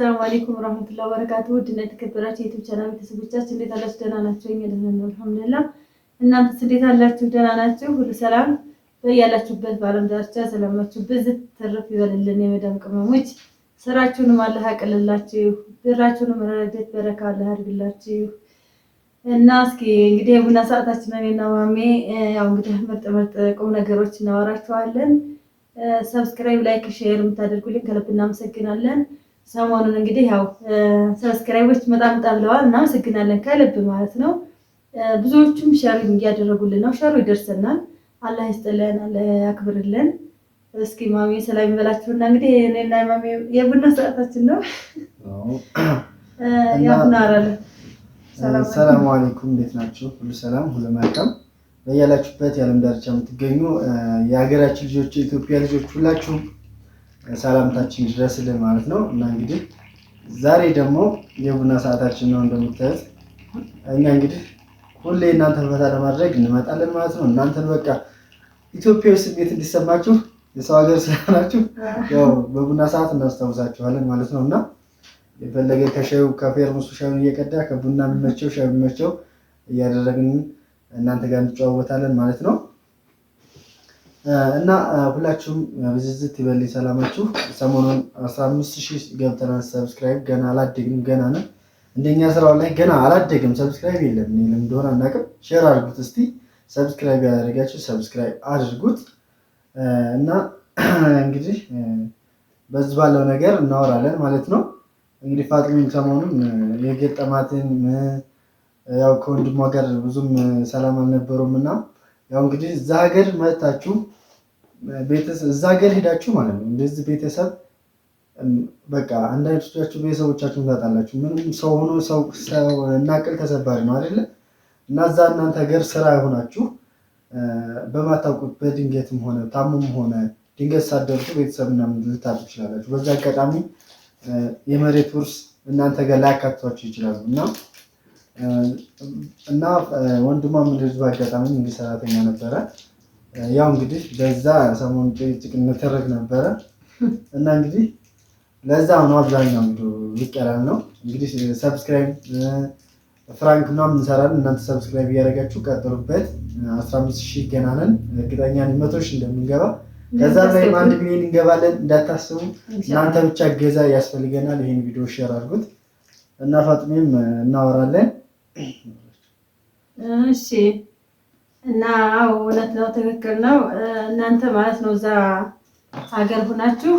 ሰላም አለይኩም ወራህመቱላሂ ወበረካቱ። ውድና የተከበራችሁ የዩቲዩብ ቻናል ቤተሰቦቻችን እንዴት አላችሁ? ደህና ናችሁ? እኛ ደህና ነን አልሐምዱሊላህ። እናንተስ እንዴት አላችሁ? ደህና ናችሁ? ሁሉ ሰላም በያላችሁበት በዓለም ዳርቻ ሰላማችሁ ብዝት ትርፍ ይበልልን። የመዳም ቅመሞች ስራችሁንም አላህ ያቅልላችሁ፣ ብራችሁንም ረድኤት በረካ አላህ ያድርግላችሁ። እና እስኪ እንግዲህ የቡና ሰዓታችን ነው እና ማሜ ያው እንግዲህ ምርጥ ምርጥ ቁም ነገሮች እናወራችኋለን። ሰብስክራይብ፣ ላይክ፣ ሼር የምታደርጉልኝ ከልብ እናመሰግናለን። ሰሞኑን እንግዲህ ያው ሰብስክራይቦች በጣም ጠብለዋል፣ እናመሰግናለን ከልብ ማለት ነው። ብዙዎቹም ሸር እያደረጉልን ነው። ሸሩ ይደርሰናል። አላህ ይስጥልን፣ ያክብርልን። እስኪ ማሚ ሰላም ይበላችሁና እንግዲህ እኔና ማሚ የቡና ሰዓታችን ነው። ያቡና አራለን። ሰላም እንዴት ናቸው? ሁሉ ሰላም፣ ሁሉ መልካም በያላችሁበት የዓለም ዳርቻ የምትገኙ የሀገራችን ልጆች የኢትዮጵያ ልጆች ሁላችሁም ሰላምታችን ይድረስልን ማለት ነው። እና እንግዲህ ዛሬ ደግሞ የቡና ሰዓታችን ነው እንደምታዩት። እኛ እንግዲህ ሁሌ እናንተን ፈታ ለማድረግ እንመጣለን ማለት ነው። እናንተን በቃ ኢትዮጵያዊ ስሜት እንዲሰማችሁ የሰው ሀገር ስለሆናችሁ ያው በቡና ሰዓት እናስታውሳችኋለን ማለት ነው እና የፈለገ ከሻዩ ከፌርሙሱ ሻዩን እየቀዳ ከቡና የሚመቸው ሻዩ የሚመቸው እያደረግን እናንተ ጋር እንጨዋወታለን ማለት ነው። እና ሁላችሁም ብዝዝት ይበልኝ ሰላማችሁ። ሰሞኑን 15 ሺህ ገብተናል። ሰብስክራይብ ገና አላደግም ገና ነ። እንደኛ ስራው ላይ ገና አላደግም፣ ሰብስክራይብ የለም። ምን እንደሆነ አናውቅም። ሼር አድርጉት እስቲ፣ ሰብስክራይብ ያደረጋችሁ ሰብስክራይብ አድርጉት። እና እንግዲህ በዚህ ባለው ነገር እናወራለን ማለት ነው። እንግዲህ ፋጥሚን ሰሞኑን የገጠማትን ያው ከወንድሟ ጋር ብዙም ሰላም አልነበሩም እና ያው እንግዲህ እዛ ሀገር መጥታችሁ እዛ ገር ሄዳችሁ ማለት ነው እንደዚህ ቤተሰብ በቃ አንዳንዶቻችሁ ቤተሰቦቻችሁን ታጣላችሁ። ምንም ሰው ሆኖ ሰው እናቅል ቅል ተሰባሪ ነው አይደለ? እና እዛ እናንተ ገር ስራ የሆናችሁ በማታውቁት በድንገትም ሆነ ታምም ሆነ ድንገት ሳደርሱ ቤተሰብ ምናምን ልታጡ ይችላላችሁ። በዛ አጋጣሚ የመሬት ውርስ እናንተ ጋር ላያካትቷችሁ ይችላሉ እና እና ወንድሟም ምንድ አጋጣሚ እንግዲህ ሰራተኛ ነበረ ያው እንግዲህ በዛ ሰሞኑን ጭቅጭቅነት ተረግ ነበረ እና እንግዲህ ለዛ ነው አብዛኛው ቪዲዮ ያላል ነው። እንግዲህ ሰብስክራይብ ፍራንክ ምናምን እንሰራለን። እናንተ ሰብስክራይብ እያደረጋችሁ ቀጥሉበት። 15 ሺህ ገና እርግጠኛ መቶ ሺህ እንደምንገባ። ከዛ ላይ አንድ ሚሊዮን እንገባለን እንዳታስቡ። እናንተ ብቻ እገዛ ያስፈልገናል። ይህን ቪዲዮ ሼር አድርጉት እና ፋጥሜም እናወራለን። እሺ እና አዎ እውነት ነው፣ ትክክል ነው። እናንተ ማለት ነው እዛ ሀገር ሁናችሁ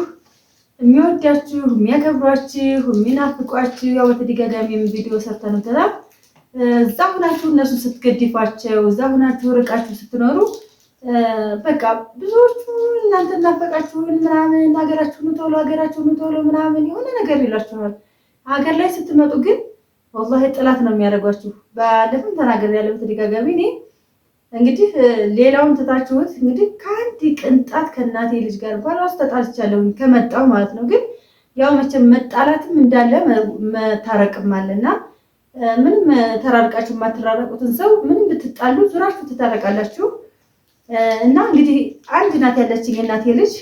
የሚወዳችሁ የሚያከብሯችሁ፣ የሚናፍቋችሁ ያው በተደጋጋሚ ቪዲዮ ሰርተንበታል። እዛ ሁናችሁ እነሱ ስትገድፏቸው፣ እዛ ሁናችሁ ርቃችሁ ስትኖሩ በቃ ብዙዎቹ እናንተ እናፈቃችሁን ምናምን ሀገራችሁን ቶሎ ሀገራችሁን ቶሎ ምናምን የሆነ ነገር ይሏችኋል። ሀገር ላይ ስትመጡ ግን ወላሂ ጥላት ነው የሚያደርጓችሁ። ባለፈም ተናገር ያለ በተደጋጋሚ እኔ እንግዲህ ሌላውን ትታችሁት እንግዲህ ከአንድ ቅንጣት ከእናቴ ልጅ ጋር እንኳን ራሱ ተጣልቻለሁ ከመጣው ማለት ነው። ግን ያው መቼም መጣላትም እንዳለ መታረቅም አለና ምንም ተራርቃችሁ የማትራረቁትን ሰው ምንም ብትጣሉ ዙራችሁ ትታረቃላችሁ። እና እንግዲህ አንድ ናት ያለችኝ የእናቴ ልጅ።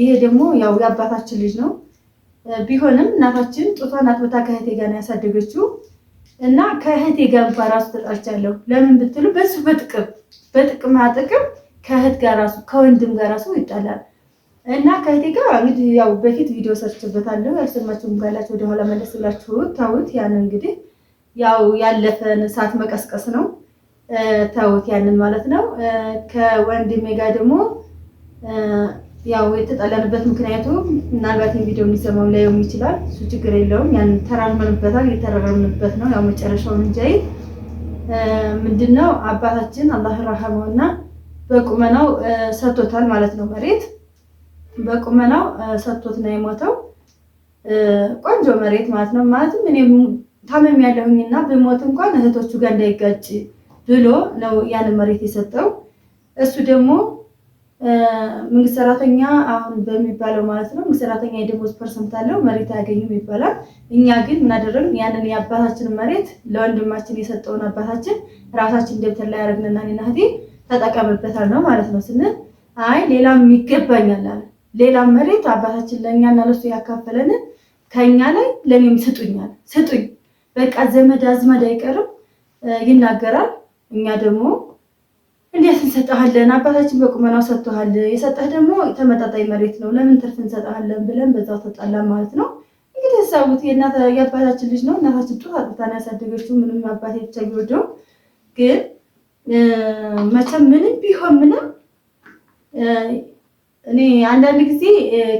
ይሄ ደግሞ ያው የአባታችን ልጅ ነው። ቢሆንም እናታችን ጡቷን አጥብታ ከእህቴ ጋር ነው ያሳደገችው። እና ከእህቴ ጋር ራሱ ተጣልቻለሁ። ለምን ብትሉ በሱ በጥቅም በጥቅማ ጥቅም ከእህት ጋር ራሱ ከወንድም ጋር ራሱ ይጣላል። እና ከእህቴ ጋር እንግዲህ ያው በፊት ቪዲዮ ሰርችበታለሁ። ያልሰማችሁም ካላችሁ ወደኋላ መለስ ብላችሁ ታውት። ያን እንግዲህ ያው ያለፈን እሳት መቀስቀስ ነው። ታውት ያንን ማለት ነው። ከወንድሜ ጋር ደግሞ ያው የተጣላንበት ምክንያቱ ምናልባት የቪዲዮ የሚሰማው ላይም ይችላል። እሱ ችግር የለውም። ያን ተራርመንበታል፣ የተረረምንበት ነው። ያው መጨረሻውን እንጂ ምንድን ነው አባታችን አላህ ረሐመውና በቁመናው ሰጥቶታል ማለት ነው። መሬት በቁመናው ሰጥቶት ነው የሞተው። ቆንጆ መሬት ማለት ነው። ማለትም እኔ ታመም ያለሁኝና ብሞት እንኳን እህቶቹ ጋር እንዳይጋጭ ብሎ ነው ያን መሬት የሰጠው እሱ ደግሞ መንግስት ሰራተኛ አሁን በሚባለው ማለት ነው መንግስት ሰራተኛ የደሞዝ ፐርሰንት አለው መሬት አያገኙም ይባላል። እኛ ግን ምናደረግን ያንን የአባታችን መሬት ለወንድማችን የሰጠውን አባታችን ራሳችን ደብተር ላይ ያደረግንና እኔና ተጠቀምበታል ነው ማለት ነው ስንል አይ ሌላም ይገባኛል አለ። ሌላም መሬት አባታችን ለእኛና ለሱ ያካፈለን ከእኛ ላይ ለእኔም ስጡኛል ስጡኝ። በቃ ዘመድ አዝማድ አይቀርም ይናገራል። እኛ ደግሞ እንዴት እንሰጠሃለን? አባታችን በቁመናው ሰጥቶሃል። የሰጠህ ደግሞ ተመጣጣኝ መሬት ነው። ለምን ትርፍ እንሰጠሃለን ብለን በዛው ተጣላ ማለት ነው። እንግዲህ ሀሳቡት የአባታችን ልጅ ነው። እናታችን ጡት አጥታን ያሳደገችው ምንም አባት ብቻ ቢወደው ግን መቼም ምንም ቢሆን ምንም እኔ አንዳንድ ጊዜ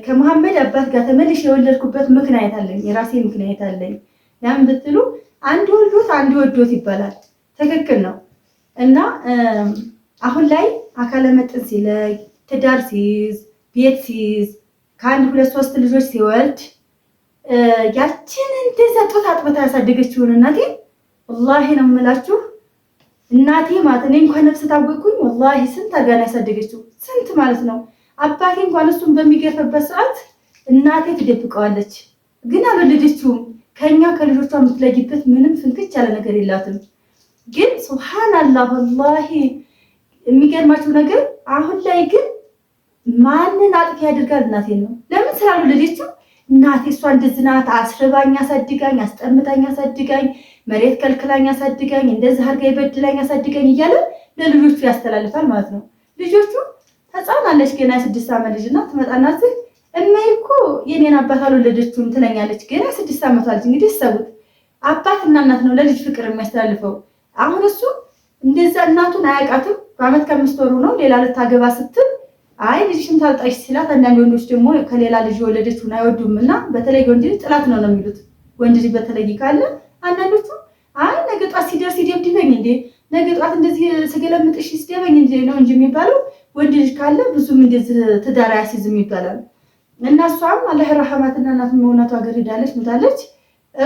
ከመሐመድ አባት ጋር ተመልሽ የወለድኩበት ምክንያት አለኝ፣ የራሴ ምክንያት አለኝ። ያም ብትሉ አንድ ወልዶት አንድ ወዶት ይባላል። ትክክል ነው እና አሁን ላይ አካለ መጠን ሲለይ፣ ትዳር ሲይዝ፣ ቤት ሲይዝ፣ ከአንድ ሁለት ሶስት ልጆች ሲወልድ ያችን እንደዛ ጦት አጥበታ ያሳደገችውን እናቴ ወላሂ ነው የምላችሁ። እናቴ ማለት እኔ እንኳን ነፍስ ታወቅኩኝ። ወላሂ ስንት አጋን ያሳደገችው ስንት ማለት ነው። አባቴ እንኳን እሱን በሚገርፍበት ሰዓት እናቴ ትደብቀዋለች፣ ግን አልወለደችውም። ከኛ ከልጆቿ የምትለይበት ምንም ፍንክች ያለ ነገር የላትም። ግን ሱብሃን አላህ ወላሂ የሚገርማቸው ነገር አሁን ላይ ግን ማንን አጥፊ ያደርጋል? እናቴን ነው። ለምን ስላሉ ልጅቸው እናቴ እሷ እንደዚህ ናት፣ አስርባኝ፣ አሳድጋኝ፣ አስጠምጣኝ አሳድጋኝ፣ መሬት ከልክላኝ፣ አሳድጋኝ፣ እንደዚህ አድርጋ ይበድላኝ፣ አሳድጋኝ እያለ ለልጆቹ ያስተላልፋል ማለት ነው። ልጆቹ ተጻናለች ገና ስድስት ዓመት ልጅ ናት። ትመጣና እዚህ እማዬ እኮ የኔን አባት አልወለደችውም ትለኛለች። ገና ስድስት ዓመቷ ልጅ እንግዲህ ሰቡት አባትና እናት ነው ለልጅ ፍቅር የሚያስተላልፈው። አሁን እሱ እንደዛ እናቱን አያውቃትም በአመት ከአምስት ወሩ ነው ሌላ ልታገባ ስትል አይ ልጅሽን ታልጣሽ ሲላት፣ አንዳንድ ወንዶች ደግሞ ከሌላ ልጅ የወለደችውን አይወዱም እና በተለይ ወንድ ልጅ ጥላት ነው ነው የሚሉት ወንድ ልጅ በተለይ ካለ አንዳንዶቹ አይ ነገ ጧት ሲደርስ ይደብድበኝ እንዴ ነገ ጧት እንደዚህ ስገለምጥሽ ሲደበኝ እንዴ ነው እንጂ የሚባለው ወንድ ልጅ ካለ ብዙም እንደዚህ ትዳር አያስይዝም ይባላል። እና እሷም አላህ ረሐማትና እናት መሆናቱ ሀገር ሄዳለች ምታለች።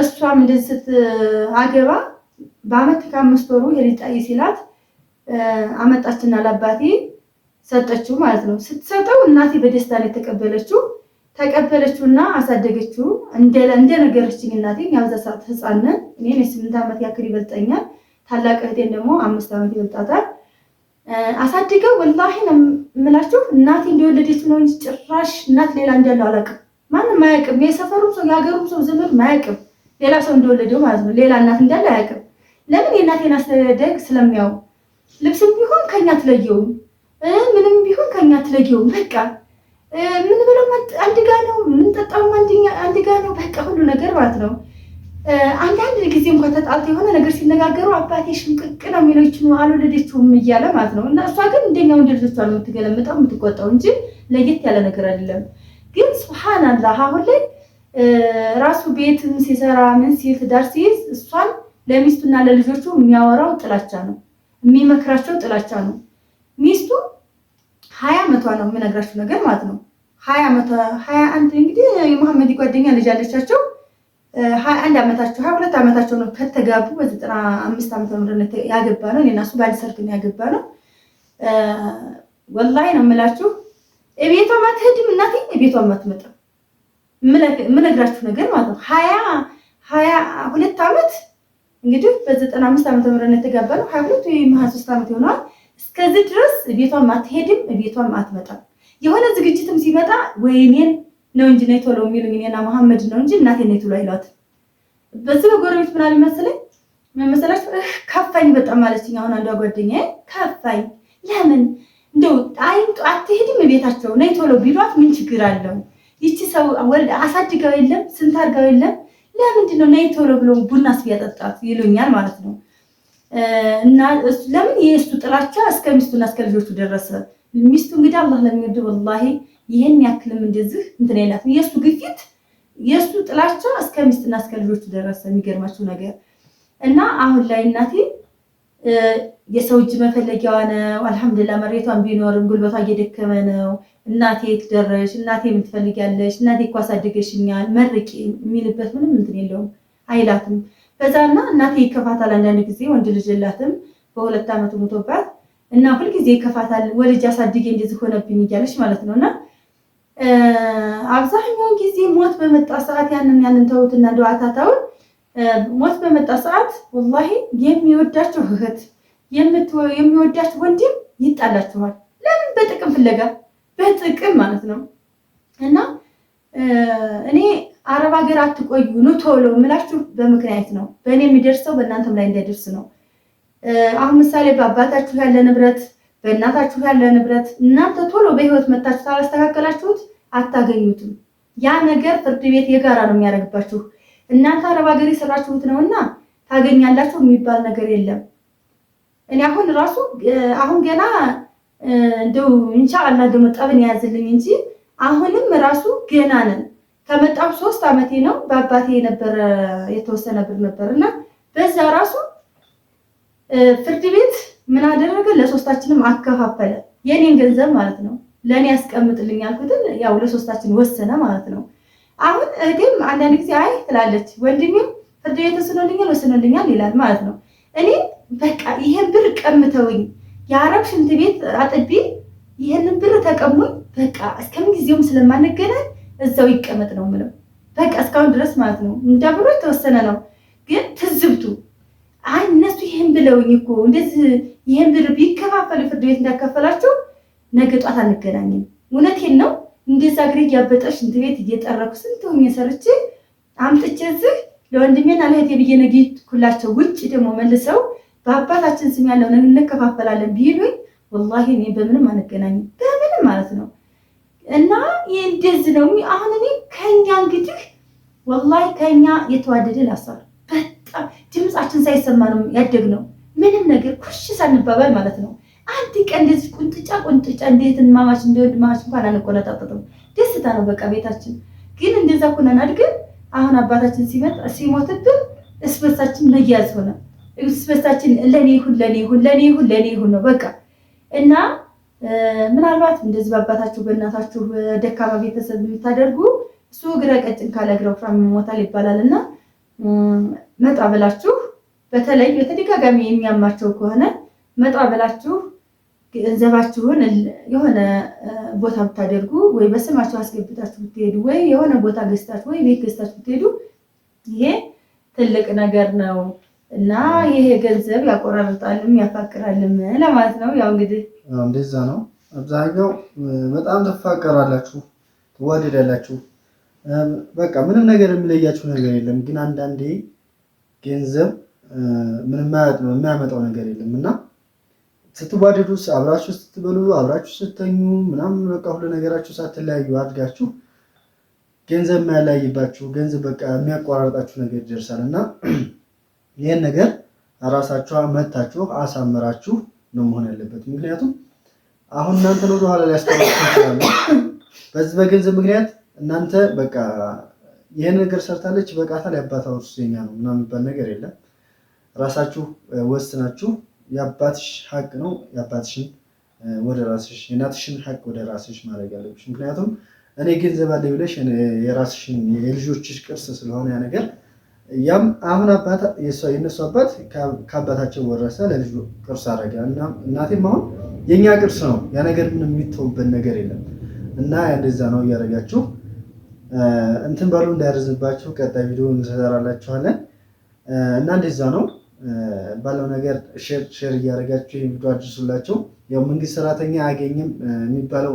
እሷም እንደዚህ ስትአገባ በአመት ከአምስት ወሩ የልጅ ጣይ ሲላት አመጣችና ለአባቴ ሰጠችው ማለት ነው። ስትሰጠው እናቴ በደስታ ላይ ተቀበለችው። ተቀበለችውና አሳደገችው። እንደነገረችኝ እናቴ ያብዛ ሰዓት ህፃን ነን። የስምንት ዓመት ያክል ይበልጠኛል። ታላቅ እህቴን ደግሞ አምስት ዓመት ይበልጣታል። አሳድገው ወላሂ ነው የምላችሁ እናቴ እንደወለደች ነው እንጂ ጭራሽ እናት ሌላ እንዳለው አላውቅም። ማንም አያውቅም። የሰፈሩም ሰው የሀገሩም ሰው ዘመድ አያውቅም። ሌላ ሰው እንደወለደው ማለት ነው። ሌላ እናት እንዳለ አያውቅም። ለምን የእናቴን አስተዳደግ ስለሚያውቅ ልብስም ቢሆን ከኛ አትለየውም። ምንም ቢሆን ከኛ አትለየውም። በቃ ምን ብለው አንድ ጋ ነው፣ ምንጠጣውም አንድ ጋ ነው። በቃ ሁሉ ነገር ማለት ነው። አንዳንድ ጊዜ እንኳን ተጣልተው የሆነ ነገር ሲነጋገሩ አባቴ ሽምቅቅ ነው የሚለው አልወለደችውም እያለ ማለት ነው። እና እሷ ግን እንደኛ ወንድ ልጆቿ ነው የምትገለምጠው የምትቆጣው እንጂ ለየት ያለ ነገር አይደለም። ግን ስብሓን አላህ አሁን ላይ ራሱ ቤትን ሲሰራ ምን ሲል ትዳር ሲይዝ እሷን ለሚስቱና ለልጆቹ የሚያወራው ጥላቻ ነው። የሚመክራቸው ጥላቻ ነው። ሚስቱ ሀያ ዓመቷ ነው የምነግራቸው ነገር ማለት ነው። ሀያ አንድ እንግዲህ የመሐመድ ጓደኛ ልጅ አለቻቸው። ሀያ አንድ ዓመታቸው ሀያ ሁለት ዓመታቸው ነው ከተጋቡ። በዘጠና አምስት ዓመተ ምህረት ያገባ ነው። እናሱ እሱ በአዲስ ነው ያገባ ነው። ወላሂ ነው የምላችሁ። ቤቷ ማትሄድም እናቴ የቤቷ ማትመጣ የምነግራችሁ ነገር ማለት ነው ሀያ ሀያ ሁለት ዓመት እንግዲህ በ95 ዓመተ ምህረት የተጋባነው ሀያ ሁለት ወይም ሀያ ዓመት ይሆናል። እስከዚህ ድረስ ቤቷም አትሄድም፣ ቤቷም አትመጣም። የሆነ ዝግጅትም ሲመጣ ወይ እኔን ነው እንጂ ነይ ቶሎ የሚሉኝ እኔና መሐመድ ነው እንጂ እናቴ ነይ ቶሎ አይሏትም። በዚህ በጎረቤት ምናል መሰለኝ መመሰላች ከፋኝ በጣም ማለችኝ። አሁን አንዷ ጓደኛ ከፋኝ፣ ለምን እንደው አይምጡ አትሄድም ቤታቸው ነይ ቶሎ ቢሏት ምን ችግር አለው? ይቺ ሰው ወልድ አሳድገው የለም ስንት አድርገው የለም ለምንድን ነው ነይ ቶሎ ብሎ ቡና ስቢያጠጣት ይሉኛል ማለት ነው። እና ለምን የእሱ ጥላቻ እስከ ሚስቱና እስከ ልጆቹ ደረሰ። ሚስቱ እንግዲህ አላህ ለሚወድ ወላሂ ይህን ያክልም እንደዚህ እንትን አይላት። የእሱ ግፊት የእሱ ጥላቻ እስከ ሚስትና እስከ ልጆቹ ደረሰ። የሚገርማቸው ነገር እና አሁን ላይ እናቴ የሰው እጅ መፈለጊያዋ ነው። አልሐምዱላ መሬቷን ቢኖርም ጉልበቷ እየደከመ ነው። እናቴ ትደረሽ፣ እናቴ የምትፈልጊያለሽ፣ እናቴ እኮ አሳደገሽኛል፣ መርቂ የሚልበት ምንም እንትን የለውም አይላትም። በዛና እናቴ ይከፋታል። አንዳንድ ጊዜ ወንድ ልጅ የላትም በሁለት ዓመት ሞቶባት እና ሁልጊዜ ይከፋታል። ወልጅ አሳድጌ እንደዚህ ሆነብኝ እያለች ማለት ነው እና አብዛኛውን ጊዜ ሞት በመጣ ሰዓት ያንን ያንን ተውትና እንደዋታታውን ሞት በመጣ ሰዓት ወላሂ የሚወዳቸው እህት የሚወዳቸው ወንድም ይጣላችኋል። ለምን? በጥቅም ፍለጋ በጥቅም ማለት ነው። እና እኔ አረብ ሀገር አትቆዩ ኑ ቶሎ የምላችሁ በምክንያት ነው። በእኔ የሚደርሰው በእናንተም ላይ እንዳይደርስ ነው። አሁን ምሳሌ በአባታችሁ ያለ ንብረት፣ በእናታችሁ ያለ ንብረት እናንተ ቶሎ በህይወት መታችሁ ካላስተካከላችሁት አታገኙትም። ያ ነገር ፍርድ ቤት የጋራ ነው የሚያደርግባችሁ እናንተ አረብ ሀገር የሰራችሁት ነውና ታገኛላችሁ የሚባል ነገር የለም። እኔ አሁን ራሱ አሁን ገና እንደው ኢንሻአላህ ደሞ ጠብን የያዝልኝ እንጂ አሁንም ራሱ ገና ነን። ከመጣሁ ሶስት አመቴ ነው። በአባቴ የነበረ የተወሰነ ብር ነበርና በዛ ራሱ ፍርድ ቤት ምን አደረገ? ለሶስታችንም አከፋፈለ። የኔን ገንዘብ ማለት ነው። ለኔ ያስቀምጥልኝ ያልኩትን ያው ለሶስታችን ወሰነ ማለት ነው። አሁን እህቴም አንዳንድ ጊዜ አይ ትላለች፣ ወንድሜም ፍርድ ቤት ወስኖልኛል ወስኖልኛል ይላል ማለት ነው። እኔ በቃ ይሄን ብር ቀምተውኝ የአረብ ሽንት ቤት አጥቤ ይህንን ብር ተቀሙኝ በቃ እስከምን ጊዜውም ስለማንገናኝ እዛው ይቀመጥ ነው ምለው በቃ እስካሁን ድረስ ማለት ነው። እንዳብሮ የተወሰነ ነው ግን ትዝብቱ አይ እነሱ ይህን ብለውኝ እኮ እንደዚህ ይህን ብር ቢከፋፈሉ ፍርድ ቤት እንዳከፈላቸው ነገ ጧት አንገናኝም። እውነቴን ነው እንዴት እግሬ እያበጠ ሽንት ቤት እየጠረኩ ስንት ሆኜ ሰርቼ አምጥቼ እዚህ ለወንድሜና ለእህቴ ብዬ ነግኩላቸው። ውጭ ደግሞ መልሰው በአባታችን ስም ያለውን እንከፋፈላለን ቢሉኝ ወላሂ እኔ በምንም አንገናኝም፣ በምንም ማለት ነው። እና ይህ እንደዚህ ነው። አሁን እኔ ከኛ እንግዲህ ወላሂ ከኛ የተዋደደ ላሳል በጣም ድምፃችን ሳይሰማ ነው ያደግነው፣ ምንም ነገር ኩሽ ሳንባባል ማለት ነው። አንድ ቀን እንደዚህ ቁንጥጫ ቁንጥጫ እንዴት ማማች እንደወድ ማማች እንኳን አንቆነጣጠጥም። ደስታ ነው በቃ ቤታችን። ግን እንደዛ ሆነን አድገን አሁን አባታችን ሲመጣ ሲሞትብን እስበሳችን መያዝ ሆነ። እስበሳችን ለኔ ይሁን ለኔ ይሁን ለኔ ይሁን ለኔ ይሁን ነው በቃ እና ምናልባት እንደዚህ በአባታችሁ በእናታችሁ ደካማ ቤተሰብ የምታደርጉ እሱ እግረ ቀጭን ካለ እግረ ወፍራም ይሞታል ይባላል እና መጣ ብላችሁ በተለይ በተደጋጋሚ የሚያማቸው ከሆነ መጣ ብላችሁ ገንዘባችሁን የሆነ ቦታ ብታደርጉ ወይ በስማችሁ አስገብታችሁ ብትሄዱ ወይ የሆነ ቦታ ገዝታችሁ ወይ ቤት ገዝታችሁ ብትሄዱ ይሄ ትልቅ ነገር ነው እና ይሄ ገንዘብ ያቆራርጣልም ያፋቅራልም ለማለት ነው። ያው እንግዲህ እንደዛ ነው። አብዛኛው በጣም ትፋቀራላችሁ፣ ትዋደዳላችሁ። በቃ ምንም ነገር የሚለያችሁ ነገር የለም። ግን አንዳንዴ ገንዘብ ምንም የሚያመጣው ነገር የለም እና ስትዋደዱስ አብራችሁ ስትበሉ አብራችሁ ስተኙ ምናምን በቃ ሁሉ ነገራችሁ ሳትለያዩ አድጋችሁ ገንዘብ የማያለያይባችሁ ገንዘብ በቃ የሚያቋራርጣችሁ ነገር ይደርሳል እና ይህን ነገር ራሳችሁ መታችሁ አሳምራችሁ ነው መሆን ያለበት። ምክንያቱም አሁን እናንተ ነው ወደኋላ ላይ ይችላሉ። በዚህ በገንዘብ ምክንያት እናንተ በቃ ይህን ነገር ሰርታለች በቃታ ላይ ውስጥ የኛ ነው ምናምን የሚባል ነገር የለም። ራሳችሁ ወስናችሁ የአባትሽ ሀቅ ነው። የአባትሽን ወደ ራስሽ የእናትሽን ሀቅ ወደ ራስሽ ማድረግ ያለብሽ። ምክንያቱም እኔ ገንዘብ አለ ብለሽ የራስሽን የልጆችሽ ቅርስ ስለሆነ ያ ነገር ያም አሁን የእነሱ አባት ከአባታቸው ወረሰ ለልጁ ቅርስ አደረገ። እናቴም አሁን የእኛ ቅርስ ነው ያ ነገር ምን የሚተውበት ነገር የለም እና እንደዛ ነው እያደረጋችሁ እንትን ባሉ እንዳያረዝባችሁ ቀጣይ ቪዲዮ እንሰራላችኋለን እና እንደዛ ነው። ባለው ነገር ሼር ሼር እያደረጋችሁ ቪዲዮ አድርሱላቸው። ያው መንግስት ሰራተኛ አያገኝም የሚባለው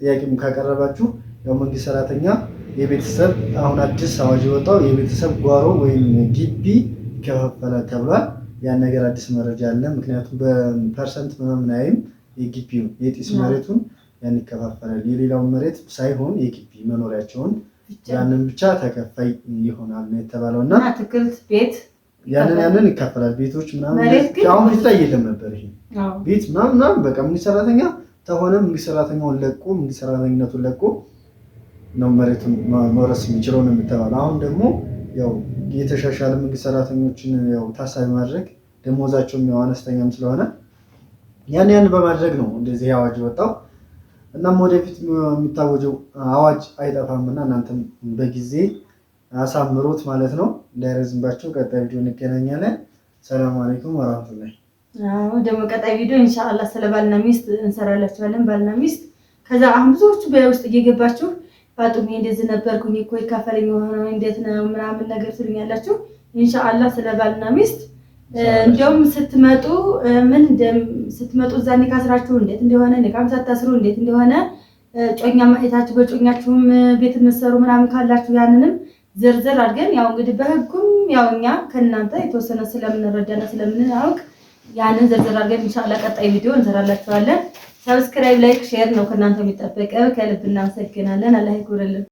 ጥያቄም ካቀረባችሁ ያው መንግስት ሰራተኛ የቤተሰብ አሁን አዲስ አዋጅ የወጣው የቤተሰብ ጓሮ ወይም ግቢ ይከፋፈላል ተብሏል። ያን ነገር አዲስ መረጃ አለ። ምክንያቱም በፐርሰንት ምናምን አይም የግቢው የጢስ መሬቱን ያን ይከፋፈላል። የሌላውን መሬት ሳይሆን የግቢ መኖሪያቸውን ያንን ብቻ ተከፋይ ይሆናል ነው የተባለው እና አትክልት ቤት ያንን ያንን ይካፈላል። ቤቶች ምናምን አሁን የለም ነበር ይሄ ቤት ምናምን ምናምን በቃ መንግስት ሰራተኛ ተሆነ መንግስት ሰራተኛውን ለቆ መንግስት ሰራተኝነቱን ለቆ ነው መሬቱን መውረስ የሚችለው ነው የምትባለው። አሁን ደግሞ ያው የተሻሻለ መንግስት ሰራተኞችን ያው ታሳቢ ማድረግ ደሞዛቸውም ያው አነስተኛም ስለሆነ ያን ያን በማድረግ ነው እንደዚህ አዋጅ ወጣው። እናም ወደፊት የሚታወጀው አዋጅ አይጠፋም እና እናንተም በጊዜ አሳምሮት ማለት ነው። እንዳይረዝምባቸው ቀጣይ ቪዲዮ እንገናኛለን። ሰላም አለይኩም ወራህመቱላሂ። አዎ ደግሞ ቀጣይ ቪዲዮ ኢንሻአላህ ስለ ባልና ሚስት እንሰራላችኋለን። ባልና ሚስት ከዛ አሁን ብዙዎቹ በውስጥ እየገባችሁ ባጡ እንደዚህ ነበርኩ እኔ እኮ ይካፈለኝ የሆነው እንዴት ነው ምናምን ነገር ትሉኛላችሁ። ኢንሻአላህ ስለ ባልና ሚስት እንዲያውም ስትመጡ ምን ስትመጡ እዛ ኒካ ስራችሁ እንዴት እንደሆነ ኒካም ሳታስሩ እንዴት እንደሆነ ጮኛ ማየታችሁ በጮኛችሁም ቤት ምሰሩ ምናምን ካላችሁ ያንንም ዝርዝር አድርገን ያው እንግዲህ በህጉም ያው እኛ ከእናንተ የተወሰነ ስለምንረዳና ስለምናውቅ ያንን ዝርዝር አድርገን ኢንሻአላ ቀጣይ ቪዲዮ እንሰራላችኋለን። ሰብስክራይብ፣ ላይክ፣ ሼር ነው ከእናንተ የሚጠበቀው። ከልብ እናመሰግናለን። አላህ ይክብርልን።